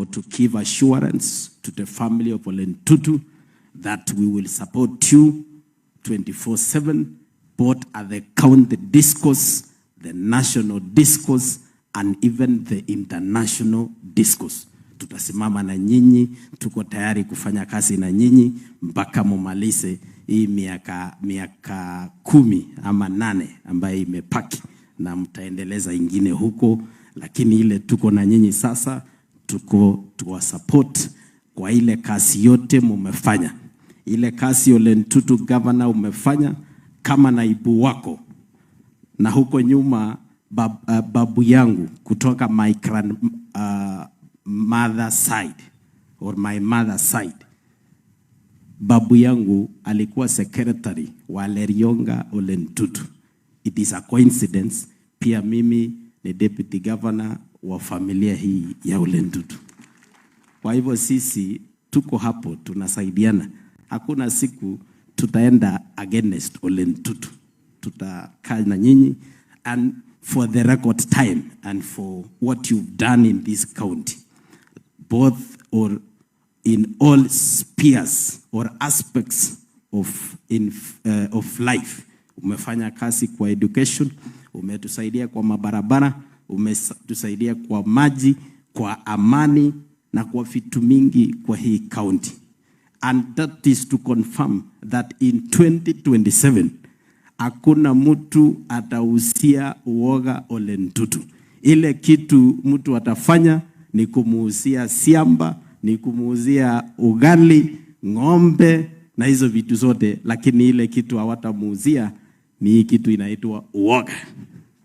or to give assurance to the family of Olen Tutu that we will support you 24/7 both at the county discourse, the national discourse and even the international discourse. Tutasimama na nyinyi, tuko tayari kufanya kazi na nyinyi mpaka mumalise hii miaka miaka kumi ama nane ambayo imepaki, na mtaendeleza ingine huko, lakini ile tuko na nyinyi sasa tuko tuwasupport kwa ile kazi yote mumefanya, ile kazi Ole Ntutu governor umefanya kama naibu wako, na huko nyuma bab, uh, babu yangu kutoka my grand, uh, ah, mother side or my mother side, babu yangu alikuwa secretary wa Lerionga Ole Ntutu. It is a coincidence pia mimi ni deputy governor wa familia hii ya Ulendutu. Kwa hivyo sisi tuko hapo, tunasaidiana. Hakuna siku tutaenda against Olentutu, tutakaa na nyinyi and for the record time and for what you've done in this county both or in all spheres or aspects of, in, uh, of life. Umefanya kazi kwa education, umetusaidia kwa mabarabara umetusaidia kwa maji, kwa amani na kwa vitu mingi kwa hii kaunti, and that is to confirm that in 2027 hakuna mtu atausia uoga Ole Ntutu. Ile kitu mtu atafanya ni kumuuzia siamba, ni kumuuzia ugali, ng'ombe na hizo vitu zote, lakini ile kitu hawatamuuzia ni hii kitu inaitwa uoga.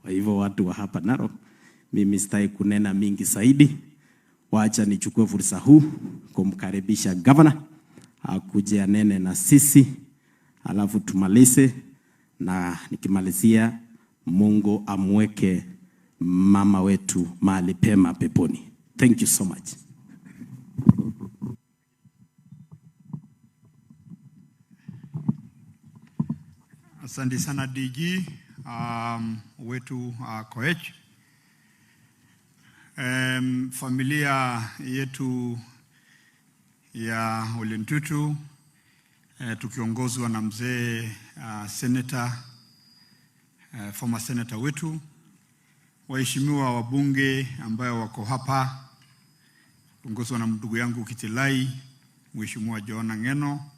Kwa hivyo watu wa hapa Narok mimi sitai kunena mingi zaidi, wacha nichukue fursa huu kumkaribisha gavana akuje anene na sisi, alafu tumalize, na nikimalizia, Mungu amweke mama wetu mahali pema peponi. Thank you so much. Asante sana DG um, wetu uh, Koech Um, familia yetu ya olentutu uh, eh, tukiongozwa na mzee uh, ah, senata uh, eh, former senator wetu, waheshimiwa wabunge ambayo wako hapa kiongozwa na ndugu yangu Kitilai, Mheshimiwa Joana Ngeno,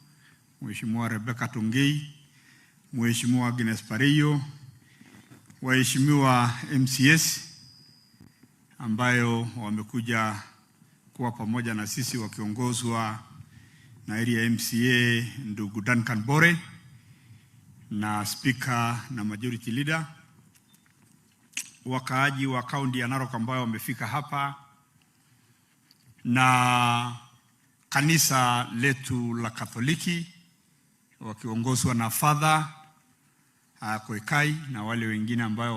Mheshimiwa Rebecca Tungei, Mheshimiwa Agnes Pareyo, waheshimiwa MCS ambayo wamekuja kuwa pamoja na sisi wakiongozwa na area MCA ndugu Duncan Bore na speaker na majority leader, wakaaji wa kaunti ya Narok ambao wamefika hapa na kanisa letu la Katoliki wakiongozwa na Father ah, Koikai na wale wengine ambao